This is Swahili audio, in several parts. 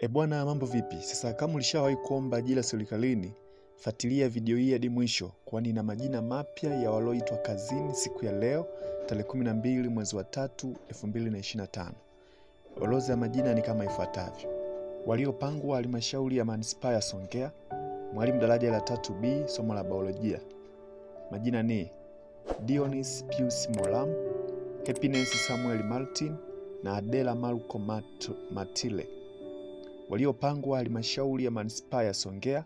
E bwana, mambo vipi? Sasa kama ulishawahi kuomba ajira serikalini, fuatilia video hii hadi mwisho, kwani na majina mapya ya walioitwa kazini siku ya leo tarehe 12 mwezi wa 3 2025. Orodha ya majina ni kama ifuatavyo: waliopangwa halmashauri ya manispaa ya Songea, mwalimu daraja la 3 B somo la biolojia. Majina ni Dionis Pius Molam, Happiness Samuel Martin na Adela Marco Matile waliopangwa halmashauri ya manispaa ya Songea,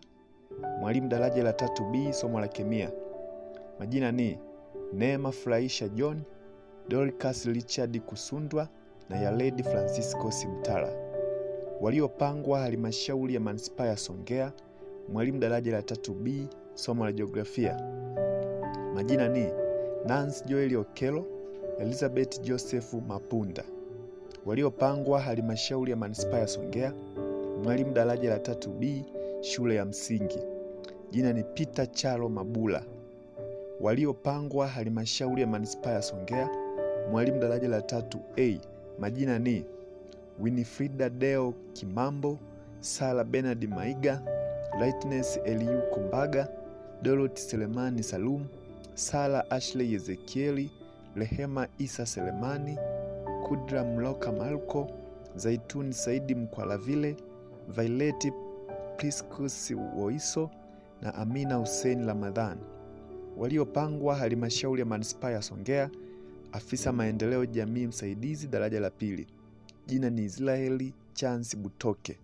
mwalimu daraja la tatu B somo la kemia. Majina ni Neema Furahisha John, Dorcas Richard Kusundwa na yaledi Francisco Simtala. Waliopangwa halmashauri ya manispaa ya Songea, mwalimu daraja la tatu B somo la jiografia. Majina ni Nancy Joel Okelo, Elizabeth Joseph Mapunda. Waliopangwa halmashauri ya manispaa ya Songea mwalimu daraja la tatu B shule ya msingi. Jina ni Peter Charo Mabula. Waliopangwa halmashauri ya manispaa ya Songea, mwalimu daraja la tatu A. Majina ni Winifrida Deo Kimambo, Sara Bernard Maiga, Lightness Eliu Kumbaga, Dorothy Selemani Salum, Sara Ashley Ezekieli, Rehema Isa Selemani, Kudra Mloka Malko, Zaituni Saidi Mkwalavile Vaileti Priscus Woiso na Amina Hussein Ramadhan waliopangwa halmashauri ya manispaa ya Songea, afisa maendeleo jamii msaidizi daraja la pili. Jina ni Israeli Chance Butoke.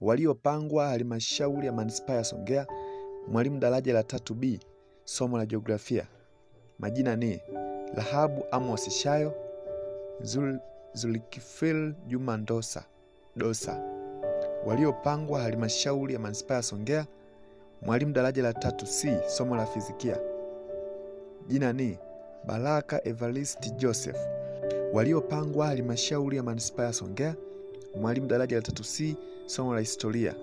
Waliopangwa halmashauri ya manispaa ya Songea, mwalimu daraja la tatu B, somo la jiografia. Majina ni Rahabu Amos Shayo, Zul, Zulkifil Juma Ndosa Dosa waliopangwa halmashauri ya manispaa ya Songea. Mwalimu daraja la tatu C, somo la fizikia, jina ni Baraka Evaristi Joseph. Waliopangwa halmashauri ya manispaa ya Songea. Mwalimu daraja la tatu C, somo la historia,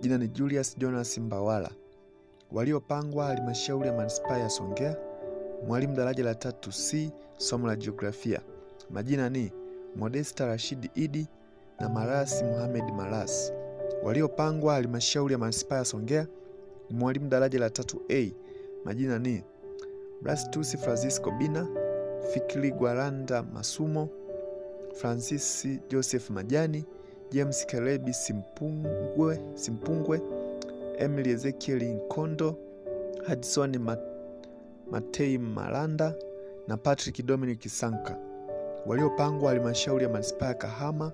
jina ni Julius Jonas Mbawala. Waliopangwa halmashauri ya manispaa ya Songea. Mwalimu daraja la tatu C, somo la jiografia, majina ni Modesta Rashid Idi na Marasi Muhamed Marasi. Waliopangwa halmashauri ya manispaa ya Songea mwalimu daraja la tatu A. Majina ni Blastus Francisco Bina, Fikri Gwaranda Masumo, Francis Joseph Majani, James Kelebi Simpungwe, Simpungwe Emily Ezekiel Nkondo, Hudson Matei Malanda na Patrick Dominic Sanka. Waliopangwa halmashauri ya manispaa ya Kahama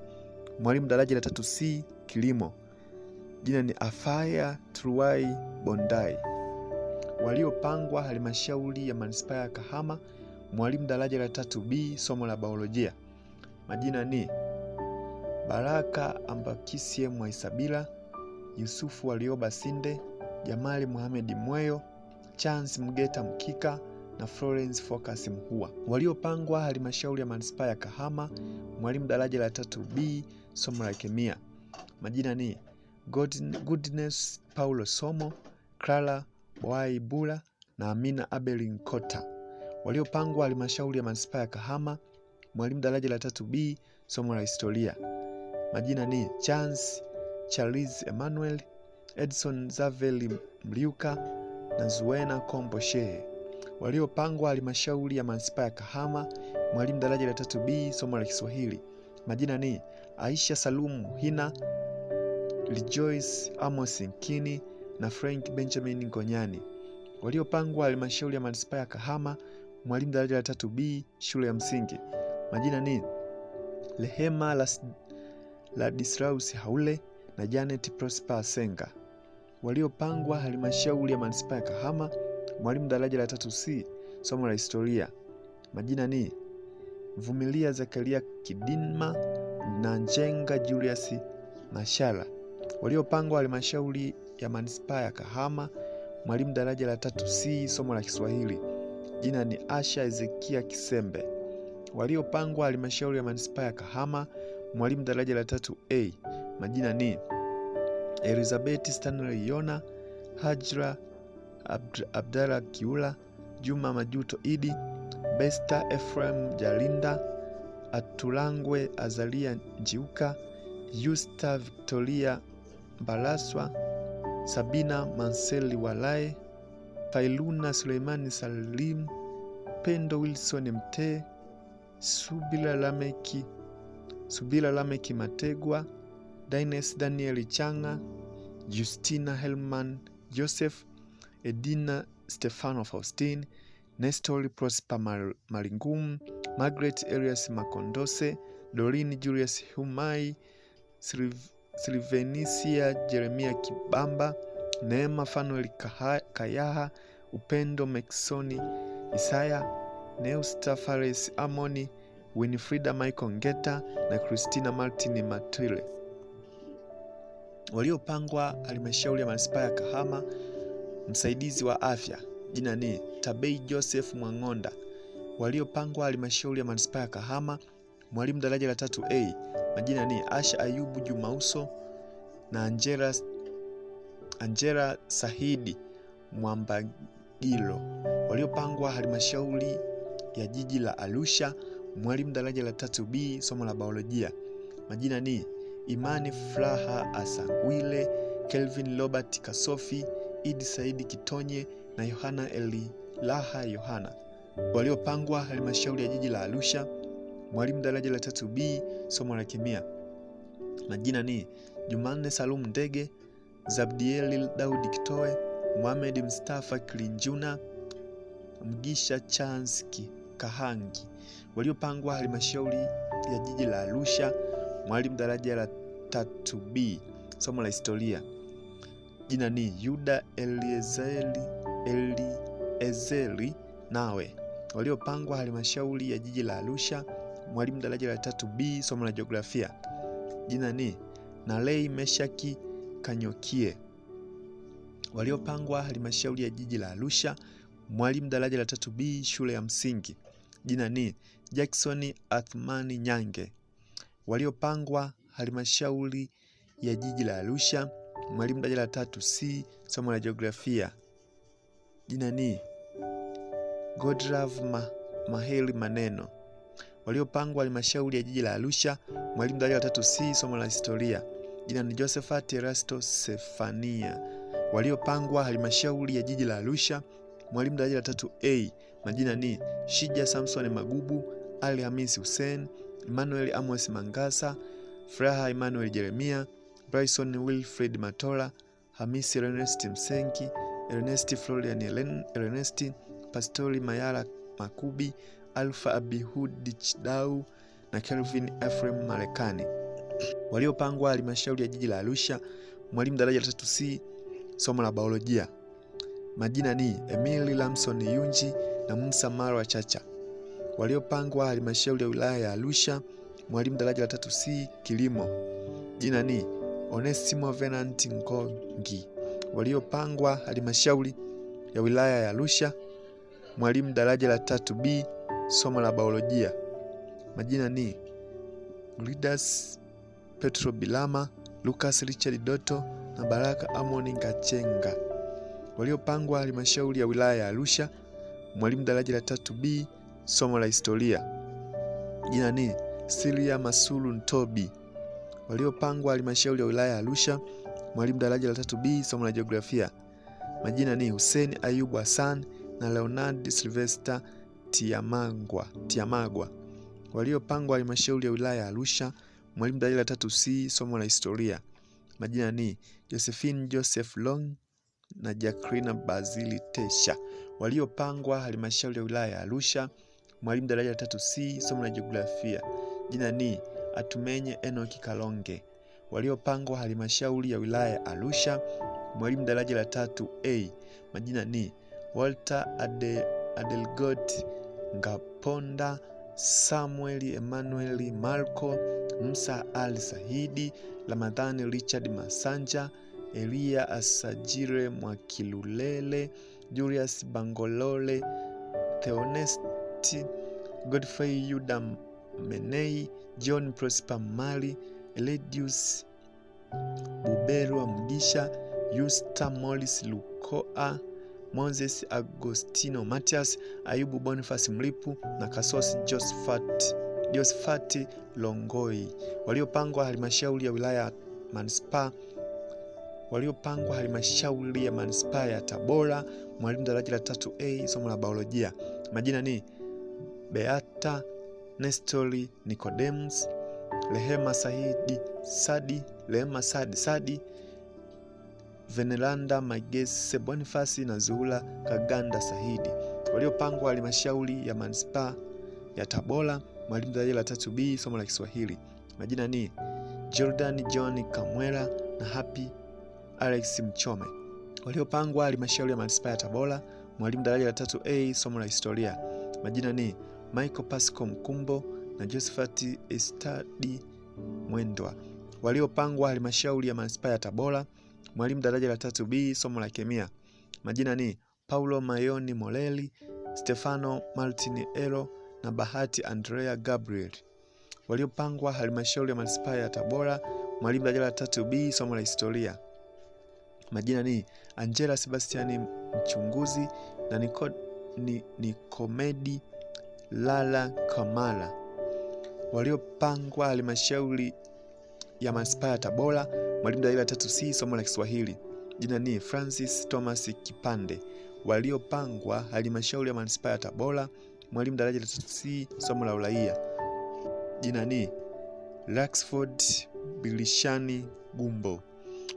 mwalimu daraja la tatu C kilimo. Jina ni Afaya truai Bondai. Waliopangwa halmashauri ya manispaa ya Kahama, mwalimu daraja la tatu B, somo la biolojia. Majina ni Baraka ambakisie Mwaisabila, Yusufu Walioba Sinde, Jamali Mohamed Mweyo, Chance Mgeta Mkika na Florence Focus Mhua. Waliopangwa halmashauri ya manispaa ya Kahama, mwalimu daraja la tatu B, somo la kemia. Majina ni Goodness Paulo Somo, Clara Bula na Amina Abel Nkota, waliopangwa halmashauri ya manispaa ya Kahama, mwalimu daraja la tatu B, somo la historia. Majina ni Chance Charles Emmanuel, Edson Zaveli Mliuka na Zuena Kombo Shehe, waliopangwa halmashauri ya manispaa ya Kahama, mwalimu daraja la tatu B, somo la Kiswahili. Majina ni Aisha Salumu Hina Rejoice Amos Nkini na Frank Benjamin Ngonyani waliopangwa halmashauri ya manispaa ya Kahama, mwalimu daraja la tatu B shule ya msingi. Majina ni lehema la Ladislaus Haule na Janet Prosper Senga waliopangwa halmashauri ya manispaa ya Kahama, mwalimu daraja la tatu C somo la historia. Majina ni Vumilia Zakaria Kidinma na Njenga Julius Mashala waliopangwa halmashauri ya manispaa ya Kahama. Mwalimu daraja la tatu C, somo la Kiswahili, jina ni Asha Ezekia Kisembe. Waliopangwa halmashauri ya manispaa ya Kahama. Mwalimu daraja la tatu A, majina ni Elizabeth Stanley Yona, Hajra Abd Abdalla Kiula, Juma Majuto Idi, Besta Ephraim Jalinda, Atulangwe Azalia Njiuka, Yusta Victoria Balaswa, Sabina Manseli Walae, Failuna Suleimani Salim, Pendo Wilson mte Subila Lameki, Subila Lameki Mategwa, Dines Daniel Changa, Justina Helman, Joseph Edina, Stefano Faustin, Nestor Prosper Mar Maringum, Margaret Elias Makondose, dorin Julius Humai, Sylv Silvenisia Jeremia Kibamba, Neema Fanuel Kayaha, Upendo Mekisoni Isaya, Neusta Fares Amoni, Winifrida Michael Ngeta na Christina Martin Matwile waliopangwa halmashauri ya manispaa ya Kahama. Msaidizi wa afya jina ni Tabei Joseph Mwang'onda, waliopangwa halmashauri ya manispaa ya Kahama. Mwalimu daraja la tatu A Majina ni Asha Ayubu Jumauso na Angela, Angela Sahidi Mwambagilo waliopangwa halmashauri ya jiji la Arusha, mwalimu daraja la tatu B, somo la biolojia. Majina ni Imani flaha Asangwile, Kelvin Robert Kasofi, Idi Saidi Kitonye na Yohana Elilaha Yohana waliopangwa halmashauri ya jiji la Arusha, mwalimu daraja la tatu B, somo la kemia. Majina ni Jumanne Salum Ndege, zabdiel Daudi Kitoe, Mohamed Mustafa Kilinjuna, Mgisha Chanski Kahangi, waliopangwa halmashauri ya jiji la Arusha. Mwalimu daraja la tatu B, somo la historia. Jina ni Yuda Eliezeri, Eliezeri Nawe, waliopangwa halmashauri ya jiji la Arusha mwalimu daraja la tatu B somo la jiografia. Jina ni Nalei Meshaki Kanyokie, waliopangwa halmashauri ya jiji la Arusha. Mwalimu daraja la tatu B shule ya msingi. Jina ni Jackson Athmani Nyange, waliopangwa halmashauri ya jiji la Arusha. Mwalimu daraja la tatu C somo la jiografia. Jina ni Godrav Maheli Maneno waliopangwa halmashauri ya jiji la Arusha, mwalimu daraja la tatu C, somo la historia. Jina ni Josephat Erasto Sefania. Waliopangwa halmashauri ya jiji la Arusha, mwalimu daraja la tatu A, majina ni Shija Samson Magubu, Ali Hamisi Hussein, Emmanuel Amos Mangasa, Furaha Emmanuel Jeremia, Bryson Wilfred Matola, Hamisi Ernest Msenki, Ernest Florian Ernest, Pastori Mayala Makubi, Alfa Abihud Chidau na Kelvin Ephraim Marekani, waliopangwa halmashauri ya jiji la Arusha. Mwalimu daraja la 3C somo la biolojia. Majina ni emil Lamson Yunji na Musa Marwa Chacha, waliopangwa halmashauri ya wilaya ya Arusha. Mwalimu daraja la 3C kilimo. Jina ni Onesimo Venant Ngongi, waliopangwa halmashauri ya wilaya ya Arusha. Mwalimu daraja la 3B somo la biolojia. Majina ni Gridas Petro Bilama, Lucas Richard Doto na Baraka Amoni Ngachenga. Waliopangwa halmashauri ya wilaya ya Arusha, mwalimu daraja la tatu B, somo la historia. Jina ni Silia Masulu Ntobi. Waliopangwa halmashauri ya wilaya ya Arusha, mwalimu daraja la tatu B, somo la jiografia. Majina ni Hussein Ayubu Hassan na Leonard Sylvester Tiamangwa, Tiamagwa waliopangwa halmashauri ya wilaya ya Arusha, mwalimu daraja la tatu C, somo la historia. Majina ni Josephine Joseph Long na Jacqueline Bazili Tesha waliopangwa halmashauri ya wilaya ya Arusha, mwalimu daraja la tatu C, somo la jiografia. Jina ni Atumenye Enoki Kalonge waliopangwa halmashauri ya wilaya ya Arusha, mwalimu daraja la tatu A. Majina ni Walter Ade, Adelgot Ngaponda Samuel Emmanuel Marco Musa al Sahidi Ramadhani Richard Masanja Elia Asajire Mwakilulele Julius Bangolole Theonesti Godfrey Yuda Menei John Prosper Mali Eledius Buberwa Mgisha Yusta Morris Lukoa Moses Agostino Matias, Ayubu Boniface Mlipu na kasos Josephat, Josephat Longoi waliopangwa halmashauri ya wilaya ya manispa waliopangwa halmashauri ya manispaa ya Tabora, mwalimu daraja la tatu A, somo la biolojia. Majina ni Beata Nestori Nicodemus, Rehema Sahidi Sadi, Rehema Sadi Sadi Veneranda Magese Bonifasi na Zuhura Kaganda Sahidi waliopangwa halmashauri ya manispaa ya Tabora, mwalimu daraja la 3B somo la Kiswahili. Majina ni Jordan John kamwela na Happy Alex Mchome waliopangwa halmashauri ya manispaa ya Tabora, mwalimu daraja la 3A somo la historia. Majina ni Michael Pasco Mkumbo na Josephat Estadi Mwendwa waliopangwa halmashauri ya manispaa ya Tabora Mwalimu daraja la tatu B somo la kemia. Majina ni Paulo Mayoni Moleli, Stefano elo na Bahati Andrea Gabriel. Waliopangwa halmashauri ya manispaa ya Tabora. Mwalimu daraja la tatu B somo la historia. Majina ni Angela Sebastiani Mchunguzi na Niko, ni, Nikomedi Lala Kamala. Waliopangwa halmashauri ya manispaa ya Tabora. Mwalimu dalili ya tatu C, somo la Kiswahili. Jina ni Francis Thomas Kipande, waliopangwa halmashauri ya manispaa ya Tabora. Mwalimu daraja la tatu C, somo la uraia. Jina ni Laxford Bilishani Gumbo,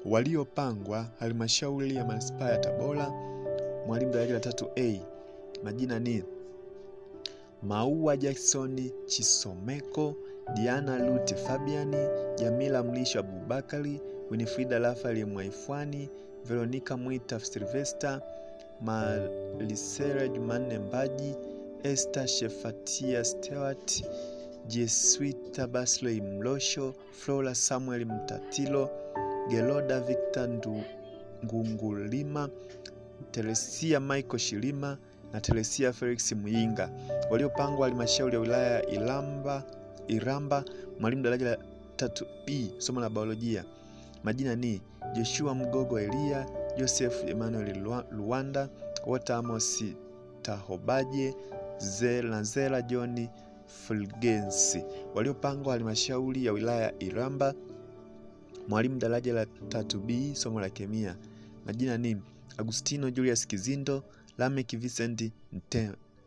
waliopangwa halmashauri ya manispaa ya Tabora. Mwalimu daraja la tatu A, majina ni Maua Jackson Chisomeko, Diana Lute Fabiani, Jamila Mlisho Abubakari Winifrida Rafael Mwaifwani, Veronica Mwita silvester Malisera Jumanne Mbaji, Esther Shefatia Stewart, Jesuita Basley Mlosho, Flora Samuel Mtatilo, Geloda Victor Ngungulima, Teresia Michael Shilima na Teresia Felix Muyinga waliopangwa halmashauri ya wilaya ya Iramba, Iramba mwalimu daraja la 3B e, somo la biolojia. Majina ni Joshua Mgogo Elia, Joseph Emmanuel Luanda, Wota Amos Tahobaje, Zelanzela John Fulgensi. Waliopangwa halmashauri ya wilaya Iramba, mwalimu daraja la tatu B somo la kemia. Majina ni Agustino Julius Kizindo, Lamek vicent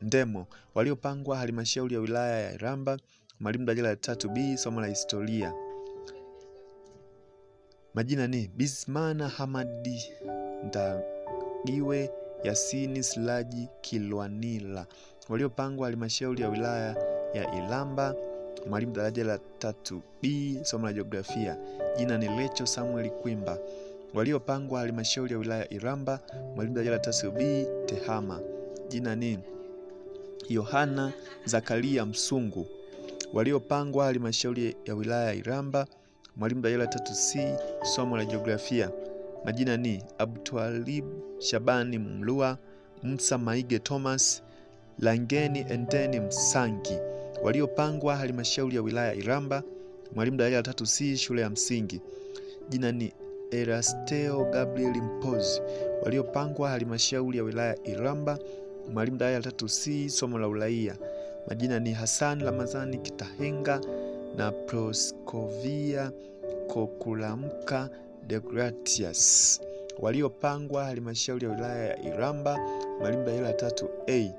Ndemo. Waliopangwa halmashauri ya wilaya ya Iramba, mwalimu daraja la tatu B somo la historia. Majina ni Bismana Hamadi Ndagiwe, Yasini slaji Kilwanila, waliopangwa halimashauri ya wilaya ya Ilamba. Mwalimu daraja la tatu B, somo la jiografia. Jina ni Lecho Samuel Kwimba, waliopangwa halimashauri ya wilaya ya Iramba. Mwalimu daraja la tatu B, Tehama. Jina ni Yohana Zakaria Msungu, waliopangwa halimashauri ya wilaya ya Iramba. Mwalimu Dajala 3C somo la jiografia. Majina ni abtualib Shabani Mlua, Msa Maige Thomas, Langeni Endeni Msangi. Waliopangwa halmashauri ya wilaya Iramba. Mwalimu Dajala 3C shule ya msingi. Jina ni Erasteo Gabriel Mpozi. Waliopangwa halmashauri ya wilaya Iramba. Mwalimu Dajala 3C somo la uraia. Majina ni Hassan ramazani Kitahenga na Proskovia Kokulamka degratius waliopangwa halmashauri ya wilaya ya Iramba Malimba Ila tatu a.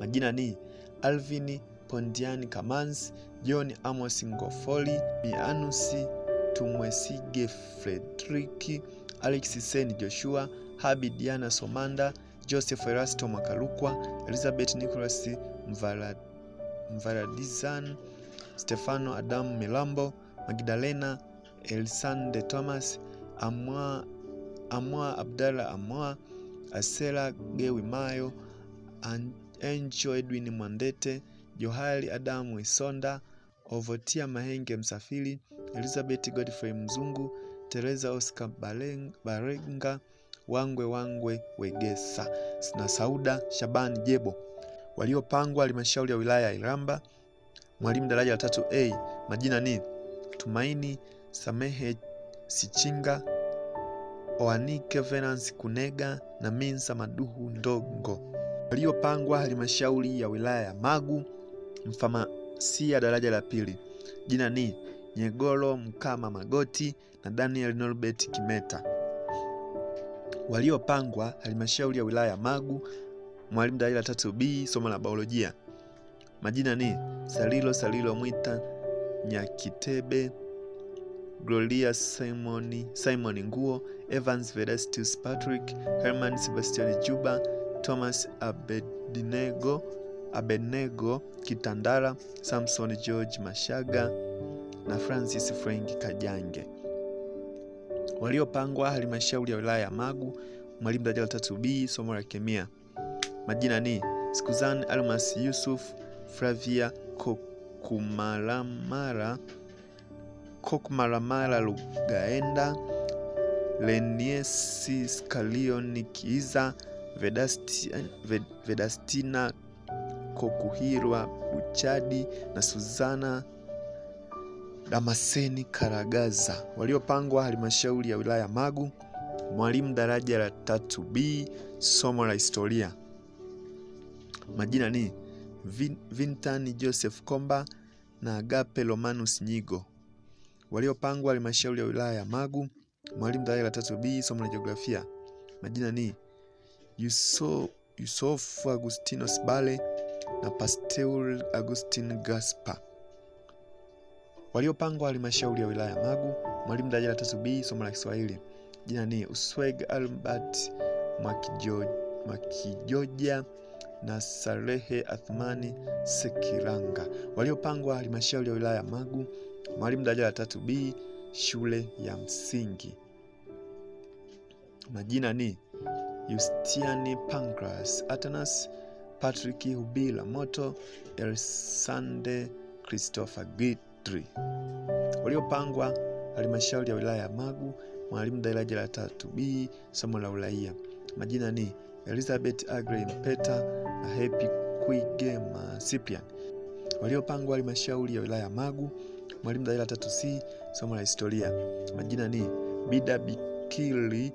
Majina ni Alvin Pondiani Kamans, John Amos Ngofoli, Mianusi Tumwesige, Fredriki Alex Sen, Joshua Habi, Diana Somanda, Joseph Erasto Makalukwa, Elizabeth Nicholas Mvaradizan Stefano Adamu Milambo, Magdalena Elsan de Thomas, Amwa, Amwa Abdalla Amwa, Asela Gewi Mayo, Encho Edwin Mwandete, Johari Adamu Isonda, Ovotia Mahenge Msafiri, Elizabeth Godfrey Mzungu, Teresa Oscar Barenga, Wangwe Wangwe Wegesa na Sauda Shabani Jebo waliopangwa halmashauri ya wilaya ya Iramba. Mwalimu daraja la tatu A, majina ni Tumaini Samehe Sichinga, Oanike Venance Kunega na Minsa Maduhu Ndongo, waliopangwa halmashauri ya wilaya ya Magu. Mfamasia daraja la pili jina ni Nyegoro Mkama Magoti na Daniel Norbert Kimeta, waliopangwa halmashauri ya wilaya ya Magu. Mwalimu daraja la tatu B, somo la biolojia, majina ni Salilo Salilo Mwita Nyakitebe, Gloria Simon, Simon Nguo, Evans Vedastus Patrick, Herman Sebastian Juba, Thomas Abednego, Abednego Kitandala, Samson George Mashaga na Francis Frank Kajange. Waliopangwa halmashauri ya wilaya ya Magu, mwalimu daraja la 3 B, somo la kemia. Majina ni Skuzan Almas Yusuf Flavia Kokumaramara Kokumaramara lugaenda Leniesi skalionikiiza Vedastina Kokuhirwa Buchadi na Suzana Damaseni Karagaza waliopangwa halmashauri ya wilaya Magu. Mwalimu daraja la tatu B, somo la historia. Majina ni Vin, Vintan Joseph Komba na Agape Romanus Nyigo. Waliopangwa halmashauri ya wilaya ya Magu. Mwalimu daraja la 3B somo la jiografia. Majina ni Yuso, Yusof Agustino Sbale na Pasteur Agustin Gaspar. Waliopangwa halmashauri ya wilaya ya Magu. Mwalimu daraja la 3B somo la Kiswahili. Jina ni Usweg Albert Mwakijoja na Salehe Athmani Sekiranga waliopangwa halmashauri ya wilaya ya Magu, mwalimu daraja la tatu B shule ya msingi. Majina ni Yustiani Pancras, Atanas Patrick Hubila Moto, Elsande Christopher Gitri, waliopangwa halmashauri ya wilaya ya Magu, mwalimu daraja la tatu B somo la uraia. Majina ni Elizabeth Agrey Mpeta na Happy Kuigema Cyprian waliopangwa halmashauri ya wilaya Magu, mwalimu daila tatu c somo la historia. Majina ni Bida Bikili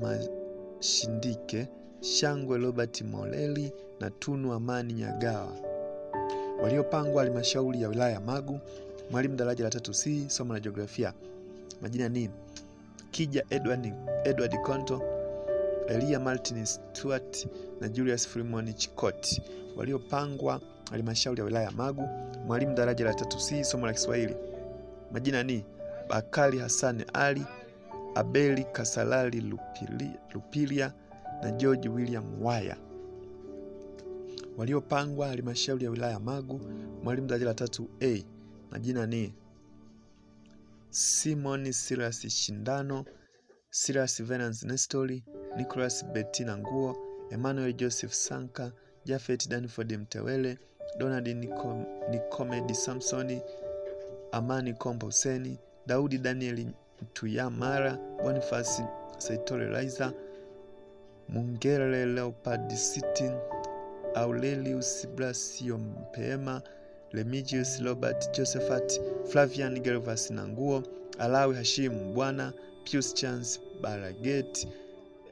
Mashindike, Shangwe Robert Moleli na Tunu Amani Nyagawa waliopangwa halmashauri ya wilaya Magu, mwalimu daraja la tatu c somo la jiografia. Majina ni Kija Edward, Edward Konto Elia Martin Stuart na Julius Freeman Chikoti waliopangwa halmashauri ya wilaya ya Magu. Mwalimu daraja la tatu C somo la Kiswahili majina ni Bakari Hassan Ali, Abeli Kasalali Lupilia, Lupilia na George William Waya waliopangwa halmashauri ya wilaya ya Magu. Mwalimu daraja la tatu A majina ni Simon Silas Shindano, Silas Venance Nestori, Nicholas Bettina Nguo, Emmanuel Joseph Sanka, Jafet Danford Mtewele, Donald Nikomedi Samsoni, Amani Kombo Huseni, Daudi daniel Mtuyamara, Bonifasi Saitore Raiza, Mungere Leopard City, Aurelius Blasio Mpema, Remigius Robert Josephat, Flavian Gervas Nanguo, Alawi Hashimu Bwana, Pius Chance Barageti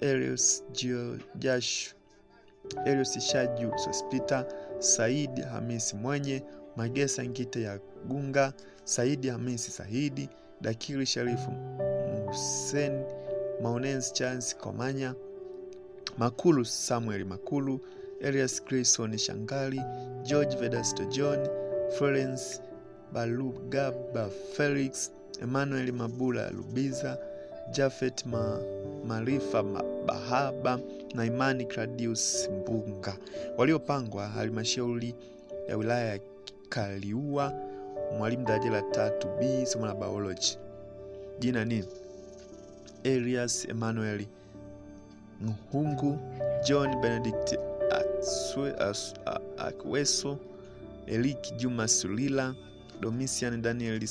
Elios Jashu, Elios Shaju Sospita, Saidi Hamisi Mwenye, Magesa Ngite ya Gunga, Saidi Hamisi sahidi Dakiri Sharifu Hussein, Maonens Chance Komanya, Makulu Samuel Makulu, Elias Grayson Shangali, George Vedasto John, Florence Balugaba Felix, Emmanuel Mabula Lubiza, Jafet Ma marifa Bahaba na Imani Claudius Mbunga, waliopangwa halmashauri ya wilaya ya Kaliua, mwalimu daraja la tatu B, somo la biology. Jina ni Elias Emmanuel Nhungu, John Benedict Akweso, Elik Juma Sulila, Domitian Daniel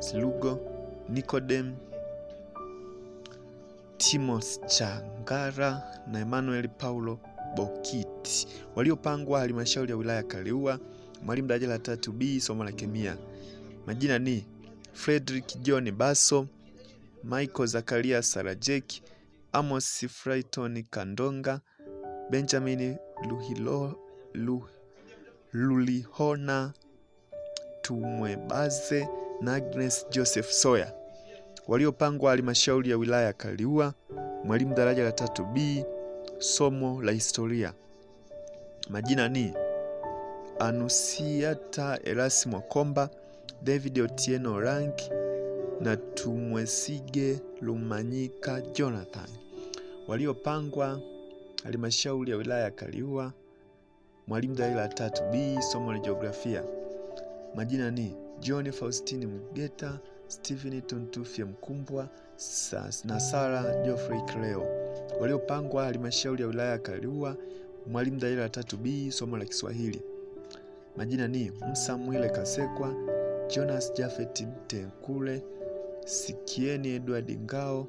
Slugo, Nicodem Timos Changara na Emmanuel Paulo Bokiti waliopangwa halmashauri ya wilaya Kaliua, mwalimu daraja la tatu B, somo la kemia. Majina ni Frederick John Baso, Michael Zakaria sarajek Amos Frighton Kandonga, Benjamin Luhilo, Luh, Lulihona Tumwebaze na Agnes Joseph Sawyer waliopangwa halmashauri ya wilaya ya Kaliua, mwalimu daraja la tatu B, somo la historia. Majina ni Anusiata Erasimo Komba, David Otieno Rank na Tumwesige Lumanyika Jonathan, waliopangwa halmashauri ya wilaya ya Kaliua, mwalimu daraja la tatu B, somo la jiografia. Majina ni John Faustini Mgeta stephen Tuntufye Mkumbwa na Sara Geoffrey Kleo waliopangwa halmashauri ya wilaya ya Kaliua, mwalimu la 3 b somo la Kiswahili. Majina ni Msamwile Kasekwa, Jonas Jafet Mtenkule, Sikieni Edward Ngao,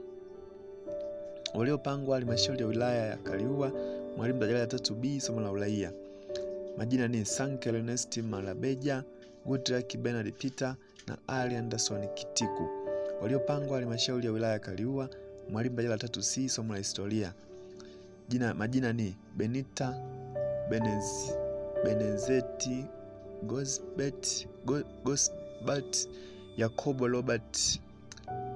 waliopangwa halmashauri ya wilaya ya Kaliua, mwalimu daraja la 3 b somo la uraia. Majina ni Sankelenesti Malabeja, Goodluck Bernard Peter na Ali Anderson Kitiku waliopangwa halmashauri ya wilaya Kaliua, Mwalimba jela tatu C, somo la historia. Jina, majina ni Benita Benez, Benezeti Gosbert, Gosbert Yakobo Robert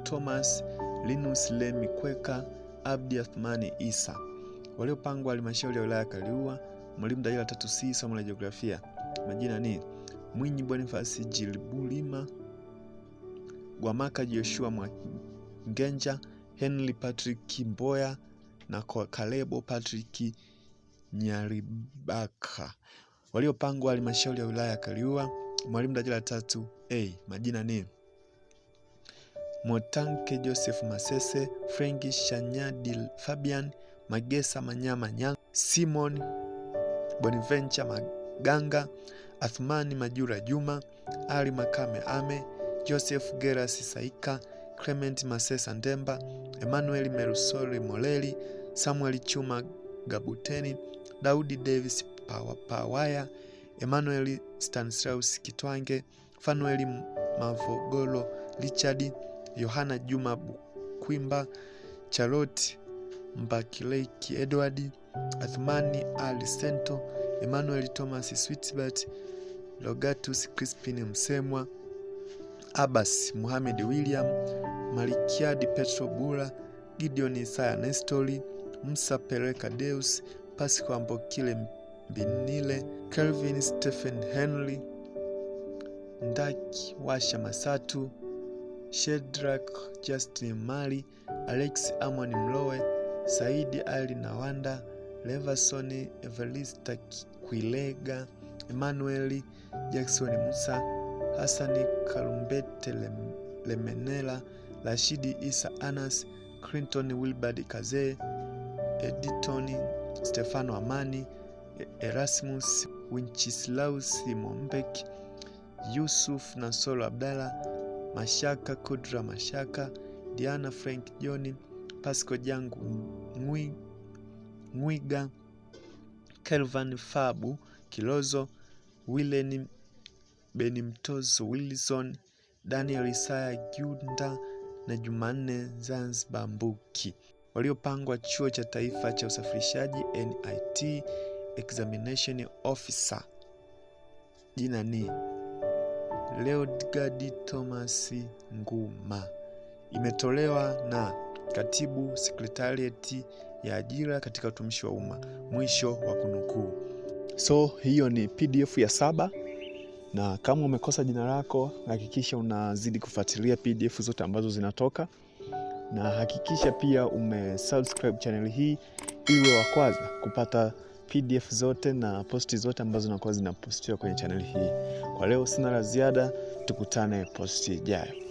Thomas Linus Lemi Kweka Abdi Athmani Isa waliopangwa halmashauri ya wilaya Kaliua, Mwalimu dajala tatu C, somo la jiografia. Majina ni Mwinyi Bonifasi Jilbulima Gwamaka Joshua Mwangenja, Henry Patrick Kimboya na Kalebo Patrick Nyaribaka waliopangwa halmashauri ya wilaya ya Kaliua. Mwalimu daraja la tatu A. Hey, majina ni Motanke Joseph Masese, Frenki Shanyadi, Fabian Magesa, Manyama Nyanga, Simon Bonaventure Maganga, Athmani Majura Juma, Ali Makame Ame Joseph geras Saika, Clement Masesa Ndemba, Emmanuel Merusoli Moleli, Samuel Chuma Gabuteni, Daudi Davis Pawaya, Emmanuel Stanislaus Kitwange, Fanueli Mavogolo Richard, Yohana Juma Bukwimba, Charlotte Mbakileki Edward, Athmani Ali Sento, Emmanuel Thomas Sweetbert, Logatus Crispin Msemwa Abbas Muhamed William, Malikiadi Petro Bula, Gideon Isaya Nestori, Musa pereka Deus, Pasco Ambokile Mbinile, Kelvin Stephen Henry, Ndaki Washa Masatu, Shedrak Justin Mali, Alex Amon Mlowe, Saidi Ali Nawanda, Leversoni evelista Kwilega, Emmanuel Jackson Musa Hassani Kalumbete Lemenela, Rashidi Isa Anas, Clinton Wilbard Kazee, Editoni Stefano Amani, Erasmus Winchislaus mombek Yusuf Nasolo Abdalla, Mashaka Kudra Mashaka, Diana Frank John, Pasco Jangu Ngwi, Ngwiga, Kelvan Fabu Kilozo, Willen beni mtozo Wilson, Daniel Isaya Gyunda na Jumanne Zanzibar Mbuki waliopangwa Chuo cha Taifa cha Usafirishaji NIT Examination Officer. Jina ni Leodgard Thomas Nguma. Imetolewa na Katibu Sekretarieti ya Ajira katika Utumishi wa Umma. Mwisho wa kunukuu. So hiyo ni PDF ya saba na kama umekosa jina lako, hakikisha unazidi kufuatilia PDF zote ambazo zinatoka, na hakikisha pia umesubscribe channel hii iwe wa kwanza kupata PDF zote na posti zote ambazo zinakuwa zinapostiwa kwenye channel hii. Kwa leo sina la ziada, tukutane posti ijayo.